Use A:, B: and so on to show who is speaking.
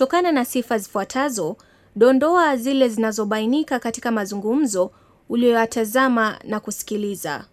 A: Kutokana na sifa zifuatazo, dondoa zile zinazobainika katika mazungumzo uliyoyatazama na kusikiliza.